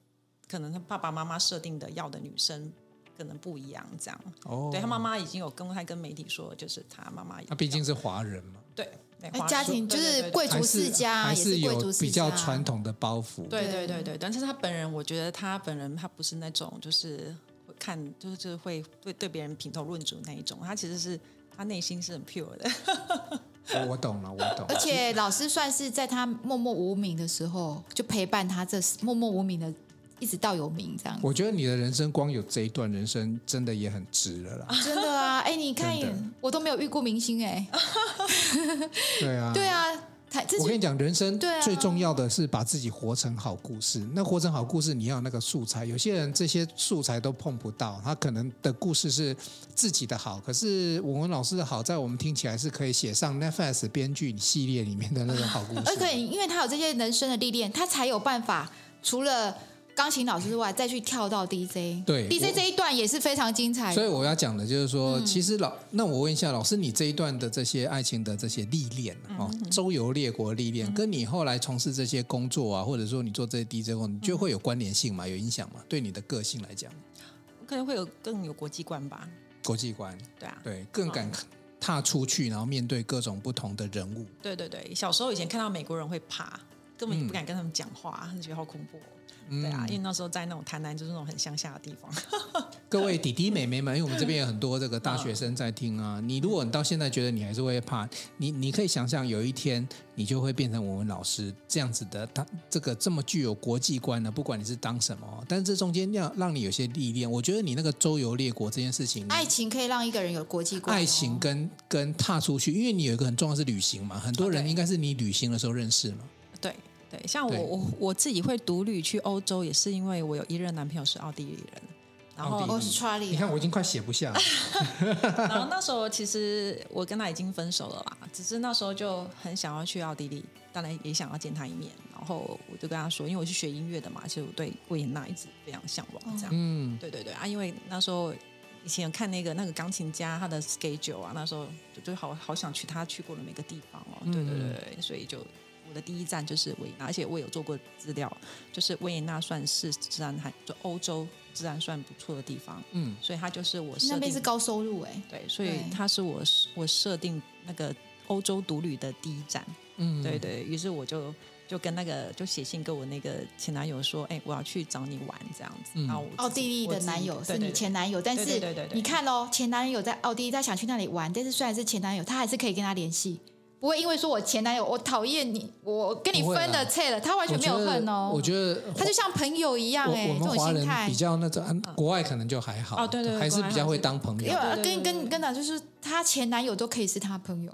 可能他爸爸媽媽設定的要的女生可能不一樣這樣。哦，對，他媽媽已經有公開跟媒體說，就是他媽媽，他畢竟是華人嘛，對。欸、家庭就是貴族世家，也是，是有比較傳統的包袱。對對對對，但是他本人，我覺得他本人他不是那種就是看就是就是會對對別人評頭論足那一種，他其實是他內心是很 pure 的。 我懂了，我懂了。而且老師算是在他默默無名的時候就陪伴他，這默默無名的一直到有名這樣子。我覺得你的人生光有這一段人生，真的也很值了啦。真的。哎，你看，我都沒有遇過明星哎、欸。 對啊，對啊，我跟你講，人生最重要的是把自己活成好故事。啊、那活成好故事，你要有那個素材。有些人這些素材都碰不到，他可能的故事是自己的好。可是我們老師的好在，我們聽起來是可以寫上 Netflix 編劇系列裡面的那個好故事。而可以，因為他有這些人生的歷練，他才有辦法除了。鋼琴老師之外，再去跳到 DJ，對 DJ 這一段也是非常精彩。所以我要講的就是說，嗯、其實老那我問一下老師，你這一段的這些愛情的這些歷練嗯嗯哦，周遊列國歷練、嗯，跟你後來從事這些工作啊，或者說你做這些 DJ 工作，你就會有關聯性嘛？有影響嘛？對你的個性來講，可能會有更有國際觀吧？國際觀，對啊，對，更敢踏出去，然後面對各種不同的人物。嗯、對對對，小時候以前看到美國人會怕，根本就不敢跟他們講話，就覺得好恐怖。嗯，對啊，因為那時候在那種台南，就是那種很鄉下的地方。 各位弟弟妹妹們，因為我們這邊有很多這個大學生在聽啊。你如果你到現在覺得你還是會怕，你你可以想象有一天你就會變成我們老師這樣子的，他這個這麼具有國際觀的，不管你是當什麼，但是這中間要讓你有些歷練。我覺得你那個周遊列國這件事情，愛情可以讓一個人有國際觀哦。愛情跟跟踏出去，因為你有一個很重要的是旅行嘛，很多人應該是你旅行的時候認識嘛。Okay. 像我我我自己會獨旅去歐洲，也是因為我有一任男朋友是奧地利人，然後是奧地利，你看我已經快寫不下了。 然後那時候其實我跟他已經分手了啦，只是那時候就很想要去奧地利，當然也想要見他一面。然後我就跟他說，因為我是學音樂的嘛，其實我對維也納一直非常向往。這樣，嗯，對對對啊，因為那時候以前有看那個那個鋼琴家他的 schedule 啊，那時候就，就好好想去他去過的每個地方哦。對對對，對，所以就。第一站就是維也納，而且我有做過資料，就是維也納算是自然還，就歐洲自然算不錯的地方，嗯，所以他就是我那邊是高收入哎、欸，對，所以他是我我設定那個歐洲獨旅的第一站，嗯，對，對，對，對，於是我就就跟那個就寫信跟我那個前男友說，哎、欸，我要去找你玩這樣子，嗯、然後奧地利的男友是你前男友，對對對對，但是你看嘍，前男友在奧地利，他想去那裡玩，但是雖然是前男友，他還是可以跟他聯繫。不會因為說我前男友，我討厭你，我跟你分了，切了，他完全沒有恨哦。我覺得我他就像朋友一樣，哎，這種心態。我，我們華人比較那種、嗯，國外可能就還好。哦，對對對，還是比較會當朋友。因為對對對對對對跟跟跟他就是他前男友都可以是他朋友，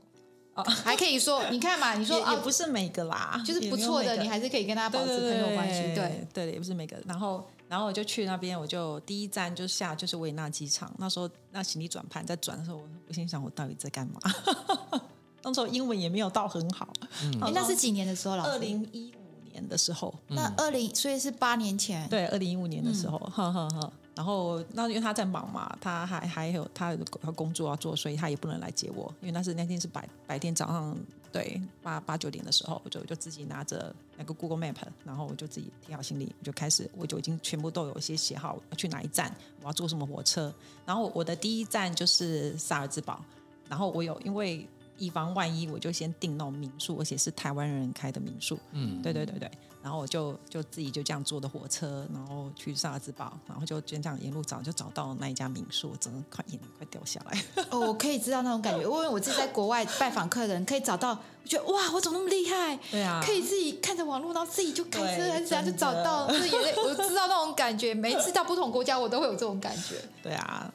哦，還可以說對對對對對，你看嘛，你說也、啊、也不是每個啦，就是不錯的，你還是可以跟他保持朋友關係。對對，也不是每個。然後然後我就去那邊，我就第一站就下就是維也納機場。那時候那行李轉盤在轉的時候，我我心想我到底在幹嘛？ 那時候英文也沒有到很好，哎、嗯嗯欸，那是幾年的時候了？二零一五年的時候，那二零、嗯、所以是八年前。對，二零一五年的時候、嗯，呵呵呵。然後那因為他在忙嘛，他還還有他工作要做，所以他也不能來接我。因為那是那天是白白天早上，對，八八九點的時候，就我就就自己拿着那個 Google Map，然後我就自己提好行李，我就開始，我就已經全部都有一些寫好要去哪一站，我要坐什麼火車。然後我的第一站就是薩爾茨堡，然後我有因為。以防萬一，我就先訂那種民宿，而且是台灣人開的民宿。嗯，對對對對。然後我就就自己就這樣坐的火車，然後去薩爾茨堡，然後就就這樣沿路找，就找到那一家民宿，真的快眼淚快掉下來。哦，我可以知道那種感覺， 因為我自己在國外拜訪客人，可以找到，我覺得哇，我怎麼那麼厲害？對啊，可以自己看着網絡，然後自己就開車還是怎樣就找到，我知道那種感覺。 每一次到不同國家，我都會有這種感覺。對啊。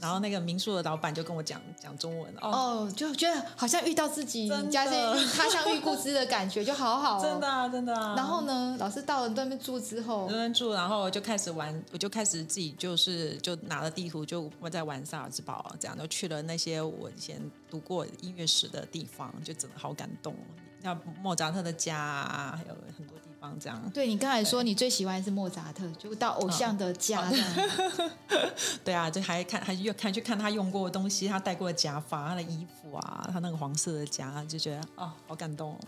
然後那個民宿的老闆就跟我講講中文哦，哦，就覺得好像遇到自己家鄉，他鄉遇故知的感覺，就好好，好、哦 真的啊，真的啊真的。然後呢，老師到了那邊住之後，那邊住，然後就開始玩，我就開始自己就是就拿了地圖就我在玩薩爾茲堡，這樣就去了那些我以前讀過音樂史的地方，就真的好感動，像莫扎特的家、啊，還有很多地方。這樣，對，你剛才說你最喜歡是莫扎特，就到偶像的家，哦哦、 對啊，就還看還去看去看他用過的東西，他戴過的假髮，他的衣服啊，他那個黃色的夾，就覺得哦，好感動、哦，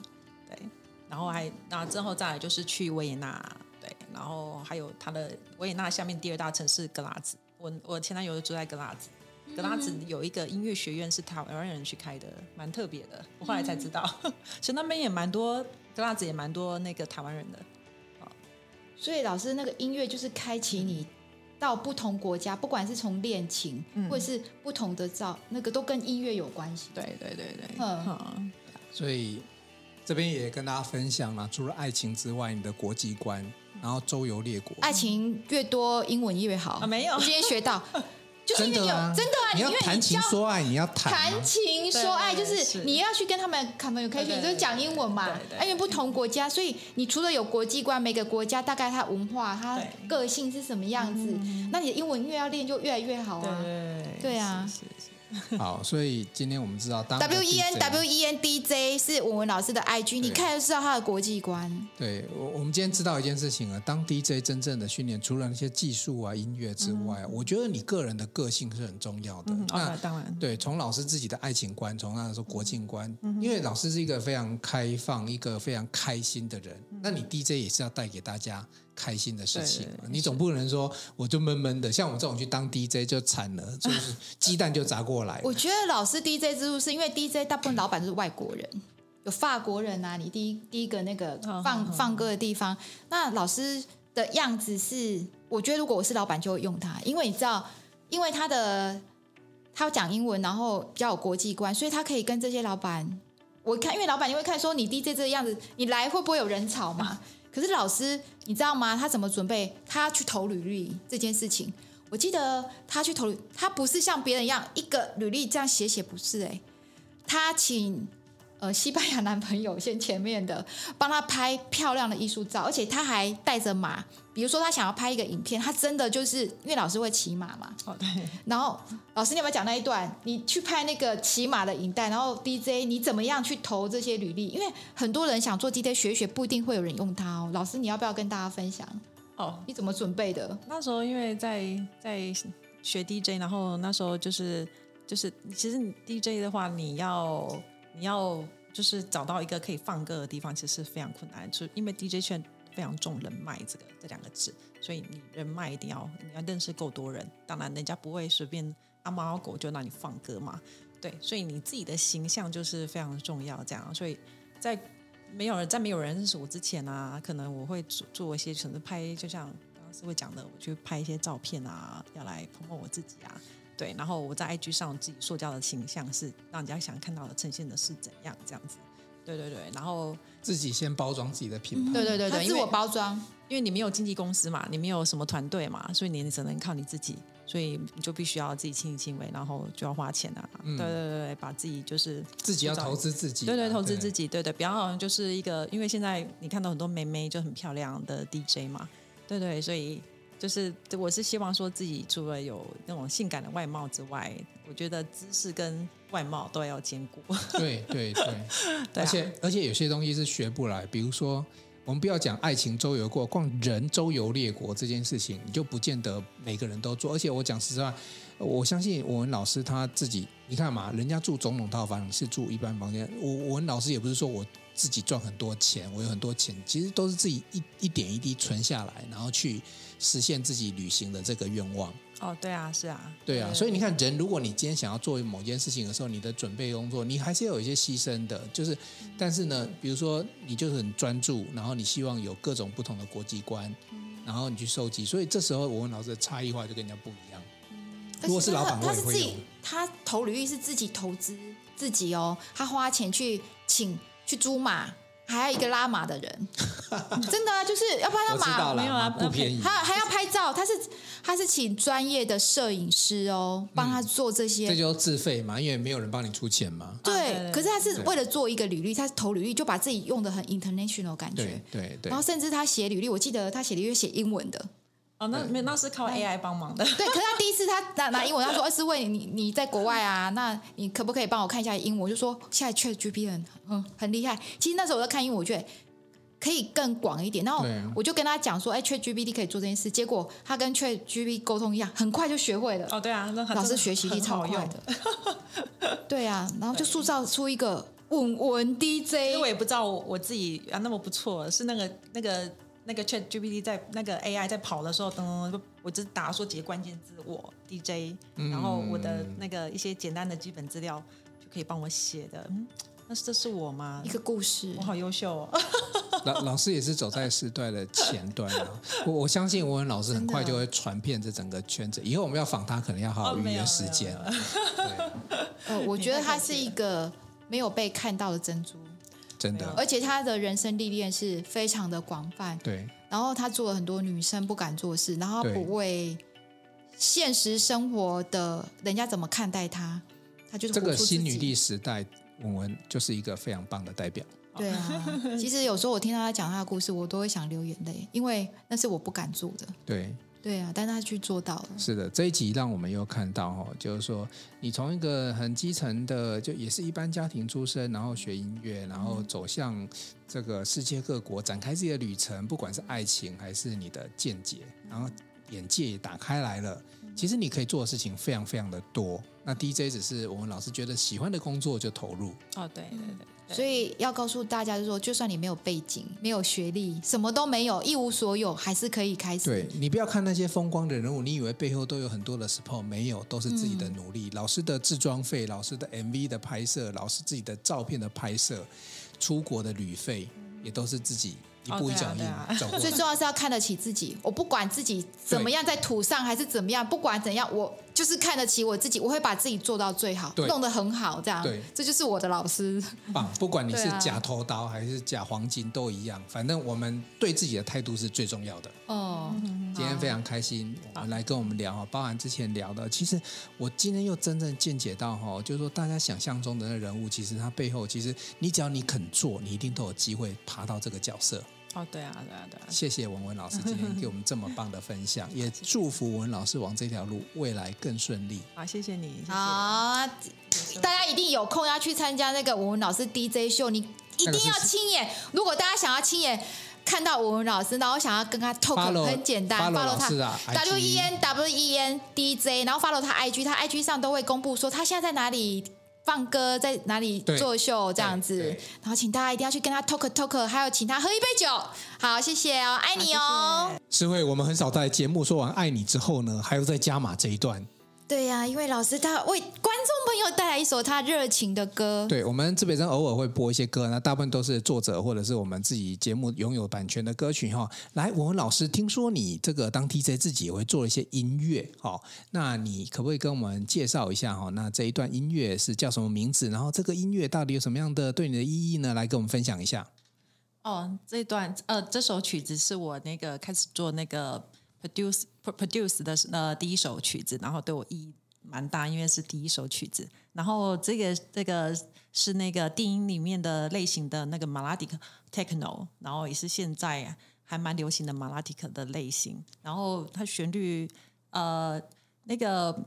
對，然後還那之、嗯、後，後再來就是去維也納，對，然後還有他的維也納下面第二大城市格拉茲。我我前男友就住在格拉茲，嗯，格拉茲有一個音樂學院是他維也納人去開的，蠻特別的，我後來才知道，嗯、 所以那邊也蠻多。格拉子也蠻多那個台灣人的、哦，所以老師那個音樂就是開啟你到不同國家，嗯、不管是從戀情，嗯、或者是不同的照，那個都跟音樂有關係、嗯。對對對對、嗯嗯，所以這邊也跟大家分享啦，除了愛情之外，你的國際觀，然後周遊列國，愛情越多，英文越好啊？沒有，我今天學到。 啊、就是因為你有真的啊！你要，你因為談情說愛，你要談。談情說愛就是你要去跟他們 communication，就是講英文嘛，對對對對對。因為不同國家，所以你除了有國際觀，每個國家大概它文化，它個性是什麼樣子，那你的英文越要練就越來越好啊！對，對，對，對啊。是是是 好，所以今天我們知道當 DJ，W E N W E N D J 是文文老師的 I G，你看就知道他的國際觀。對，我我們今天知道一件事情啊，當 D J 真正的訓練，除了那些技術啊、音樂之外、嗯，我覺得你個人的個性是很重要的。嗯、那當然，對，從老師自己的愛情觀，從他說國境觀、嗯，因為老師是一個非常開放、嗯、一個非常開心的人，嗯、那你 D J 也是要帶給大家。開心的事情，對對對，你總不能說我就悶悶的。像我這種去當 DJ 就慘了，就是雞蛋就砸過來。啊。我覺得老師 DJ 之路是因為 DJ 大部分老闆都是外國人，嗯、有法國人啊。你第一第一個那個放呵呵呵放歌的地方，那老師的樣子是，我覺得如果我是老闆就會用他，因為你知道，因為他的他要講英文，然後比較有國際觀，所以他可以跟這些老闆。我看，因為老闆你會看說你 DJ 這個樣子，你來會不會有人潮嗎？ 可是老師，你知道嗎？他怎麼準備？他去投履歷這件事情，我記得他去投，他不是像別人一樣一個履歷這樣寫寫，不是誒、欸，他請。呃，西班牙男朋友先前面的幫他拍漂亮的藝術照，而且他還帶着馬。比如說，他想要拍一個影片，他真的就是因為老師會騎馬嘛。哦，對。然後老師，你有沒有講那一段？你去拍那個騎馬的影帶，然後 DJ 你怎麼樣去投這些履歷？因為很多人想做 DJ 學學，不一定會有人用他哦。老師，你要不要跟大家分享？哦，你怎麼準備的？那時候因為在在學 DJ，然後那時候就是就是其實 DJ 的話，你要。你要就是找到一個可以放歌的地方，其實是非常困難，就是、因為 DJ 圈非常重人脈這個這兩個字，所以你人脈一定要你要認識夠多人，當然人家不會隨便阿貓阿狗就讓你放歌嘛，對，所以你自己的形象就是非常重要，這樣，所以在沒有在沒有人認識我之前啊，可能我會做做一些，選擇。拍就像剛剛詩慧講的，我去拍一些照片啊，要來捧捧我自己啊。對，然後我在 IG 上自己塑造的形象是讓人家想看到的，呈現的是怎樣這樣子。對對對，然後自己先包裝自己的品牌。嗯、對對對對，自我包裝因，因為你沒有經紀公司嘛，你沒有什麼團隊嘛，所以你只能靠你自己，所以你就必須要自己親力親為，然後就要花錢啊。嗯、對對對，對把自己就是自己要投資自己。對對，對，投資自己。對對，不要就是一個，因為現在你看到很多妹妹就很漂亮的 DJ 嘛。對對，所以。就是，我是希望說自己除了有那種性感的外貌之外，我覺得知識跟外貌都要兼顧。對對對， 對、啊，而且而且有些東西是學不來，比如說我們不要講愛情周遊過，逛人周遊列國這件事情，你就不見得每個人都做。而且我講實話，我相信我們老師他自己。你看嘛，人家住總統套房是住一般房間。我我跟老師也不是說我自己賺很多錢，我有很多錢，其實都是自己一一點一滴存下來，然後去實現自己旅行的這個願望。哦，對啊，是啊，對啊。對啊，所以你看人，人、啊啊、如果你今天想要做某件事情的時候，你的準備工作，你還是要有一些犧牲的。就是，但是呢，比如說你就是很專注，然後你希望有各種不同的國際觀，然後你去收集。所以這時候我跟老師的差異化就跟人家不一樣。他是老闆，他是自己，他投履歷是自己投資自己哦，他花錢去請去租馬，還要一個拉馬的人，真的啊，就是要拍他馬。沒有啊，不便宜，他還要拍照，他是他是請專業的攝影師哦，幫他做這些，這就自費嘛，因為沒有人幫你出錢嘛。對，可是他是為了做一個履歷，他投履歷就把自己用的很 international 的感覺，對對，然後甚至他寫履歷，我記得他寫的因寫英文的。哦，那、嗯、沒有那是靠 AI 幫忙的。對，可是他第一次他拿 拿英文，他說：“老師問你，你在國外啊？那你可不可以幫我看一下英文？”我就說：“現在 ChatGPT 很很厲害。”其實那時候我在看英文，我覺得可以更廣一點。然後我就跟他講說：“哎、欸、，ChatGPT 可以做這件事。”結果他跟 ChatGPT 溝通一樣，很快就學會了。哦，對啊，那很老師學習力超快的。好用 對啊，然後就塑造出一個 WenWen DJ。因為我也不知道我，我自己啊那麼不錯，是那個那個。那個 ChatGPT 在那個 AI 在跑的時候，等、呃、我就打說幾個關鍵字，我 DJ，、嗯、然後我的那個一些簡單的基本資料就可以幫我寫的。嗯，那是這是我嗎？一個故事，我好優秀、哦。老老師也是走在時代的前端、啊，我我相信 WenWen 老師很快就會傳遍這整個圈子。以後我們要訪他，可能要好好預約時間了、哦。對、呃，我覺得他是一個沒有被看到的珍珠。真的，而且他的人生歷練是非常的廣泛。對，然後他做了很多女生不敢做的事，然後不為現實生活的人家怎麼看待他，他就是這個新女帝時代，文文就是一個非常棒的代表。對啊， 其實有時候我聽到他講他的故事，我都會想流眼淚，因為那是我不敢做的。對。對啊，但他去做到了。是的，這一集讓我們又看到哈，就是說，你從一個很基層的，就也是一般家庭出身，然後學音樂，然後走向這個世界各國展開自己的旅程，不管是愛情還是你的見解，然後眼界也打開來了。其實你可以做的事情非常非常的多。那 DJ 只是我們老師覺得喜歡的工作就投入。哦，對對對。所以要告訴大家就是，就說就算你沒有背景，沒有學歷，什麼都沒有，一無所有，還是可以開始。對，你不要看那些風光的人物，你以為背後都有很多的 support？沒有，都是自己的努力、嗯。老師的製裝費、老師的 MV 的拍攝、老師自己的照片的拍攝、出國的旅費，也都是自己一步一腳印走過來。最，okay, yeah, 重要是要看得起自己。我不管自己怎麼樣在土上，還是怎麼樣，不管怎樣我。就是看得起我自己，我會把自己做到最好，弄得很好，這樣。對，這就是我的老師。棒，啊！不管你是假頭刀還是假黃金都一樣，反正我們對自己的態度是最重要的。哦，今天非常開心，哦、來跟我們聊，包含之前聊的，其實我今天又真正見解到哈，就是說大家想象中的那人物，其實他背後，其實你只要你肯做，你一定都有機會爬到這個角色。哦、oh, 啊，對啊，對啊，對啊！謝謝文文老師今天給我們這麼棒的分享， 也祝福文文老師往這條路未來更順利。 好，謝謝你謝謝。好，大家一定有空要去參加那個文文老師 DJ 秀，你一定要親眼。那個、如果大家想要親眼看到文文老師，然後想要跟他 talk 很簡單 follow, follow，follow 他，W E N、啊、W E N D J，然後 follow 他 IG、啊、他 IG 上都會公布說他現在在哪裡。唱歌、在哪裡做秀這樣子，然後請大家一定要去跟他 talk talk，還有請他喝一杯酒，好謝謝哦，愛你哦。詩慧，我們很少在節目說完愛你之後呢，還有再加碼這一段。對呀、啊，因為老師，他為觀眾朋友帶來一首他熱情的歌。對，我們指北針偶爾會播一些歌，那大部分都是作者或者是我們自己節目擁有版權的歌曲哈。來，我們老師，聽說你這個當 DJ 自己也會做一些音樂哈，那你可不可以跟我們介紹一下哈？那這一段音樂是叫什麼名字？然後這個音樂到底有什麼樣的對你的意義呢？來跟我們分享一下。哦，這段呃，這首曲子是我那個開始做那個 produce。produce 的是呃第一首曲子，然後對我意義蠻大，因為是第一首曲子。然後這個這個是那個電影裡面的類型的那個 melodic techno，然後也是現在還蠻流行的 melodic 的類型。然後它旋律呃那個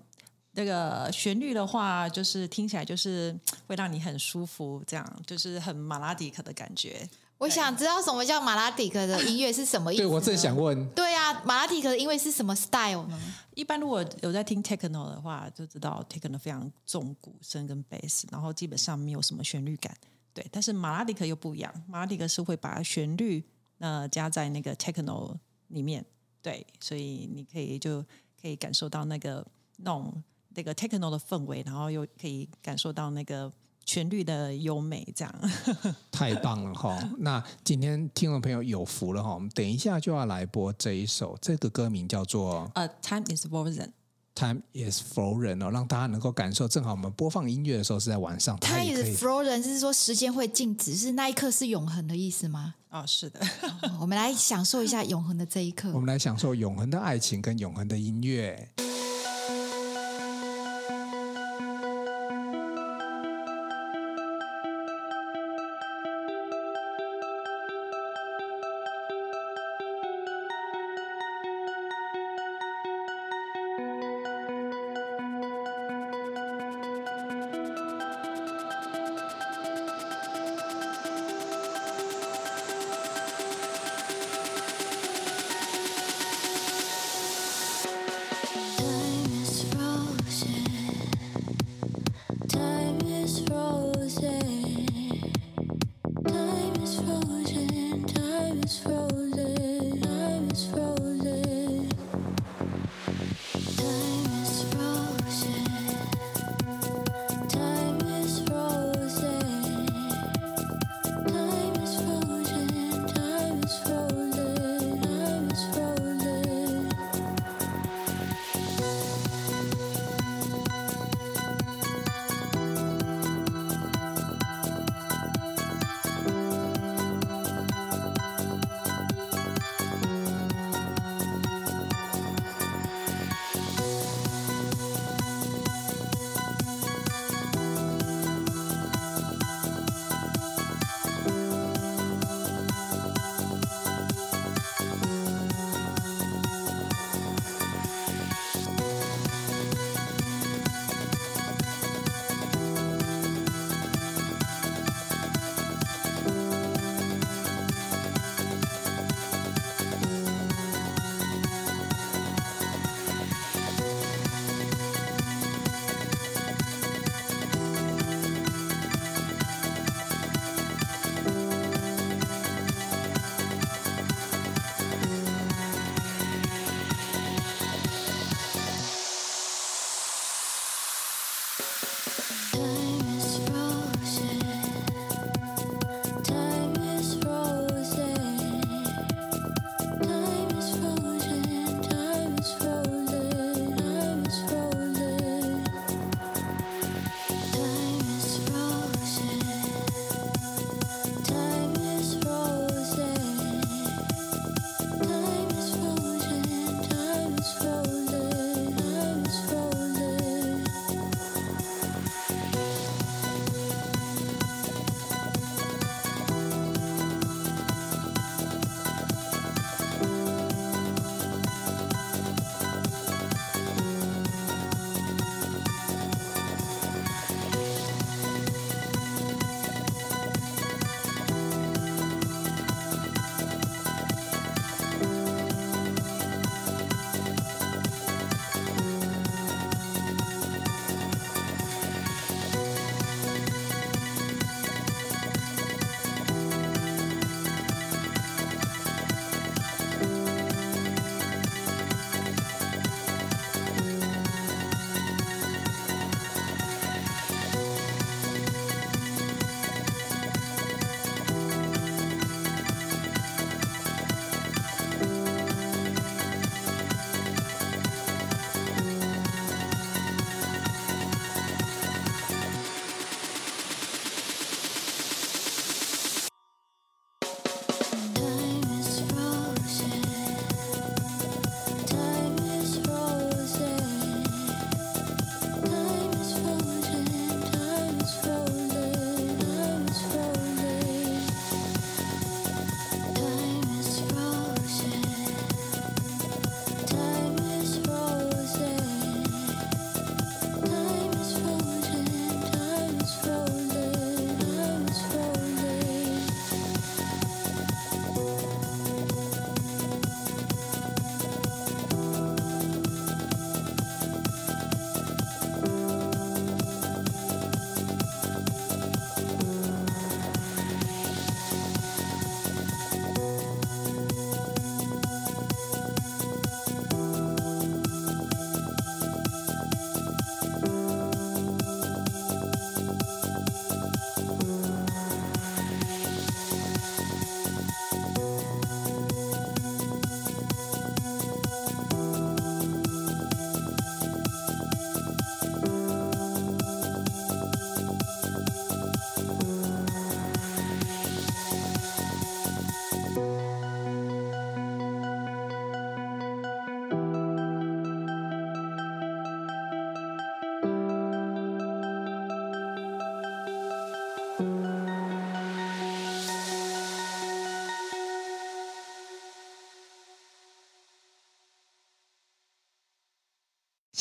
那個旋律的話，就是聽起來就是會讓你很舒服，這樣就是很 melodic 的感覺。我想知道什麼叫馬拉蒂克的音樂是什麼意思？對，我正想問。對啊，馬拉蒂克的音樂是什麼 style 呢？一般如果有在聽 techno 的話，就知道 techno 非常重鼓聲跟 bass，然後基本上沒有什麼旋律感。對，但是馬拉蒂克又不一樣，馬拉蒂克是會把旋律呃加在那個 techno 裡面。對，所以你可以就可以感受到那個那種那個 techno 的氛圍，然後又可以感受到那個。旋律的優美，這樣太棒了哈！那今天聽眾朋友有福了哈，我們等一下就要來播這一首，這個歌名叫做《Time is frozen》，Time is frozen 哦，讓大家能夠感受。正好我們播放音樂的時候是在晚上，Time is frozen 是說時間會靜止，是那一刻是永恆的意思嗎？啊、哦，是的， 我們來享受一下永恆的這一刻， 我們來享受永恆的愛情跟永恆的音樂。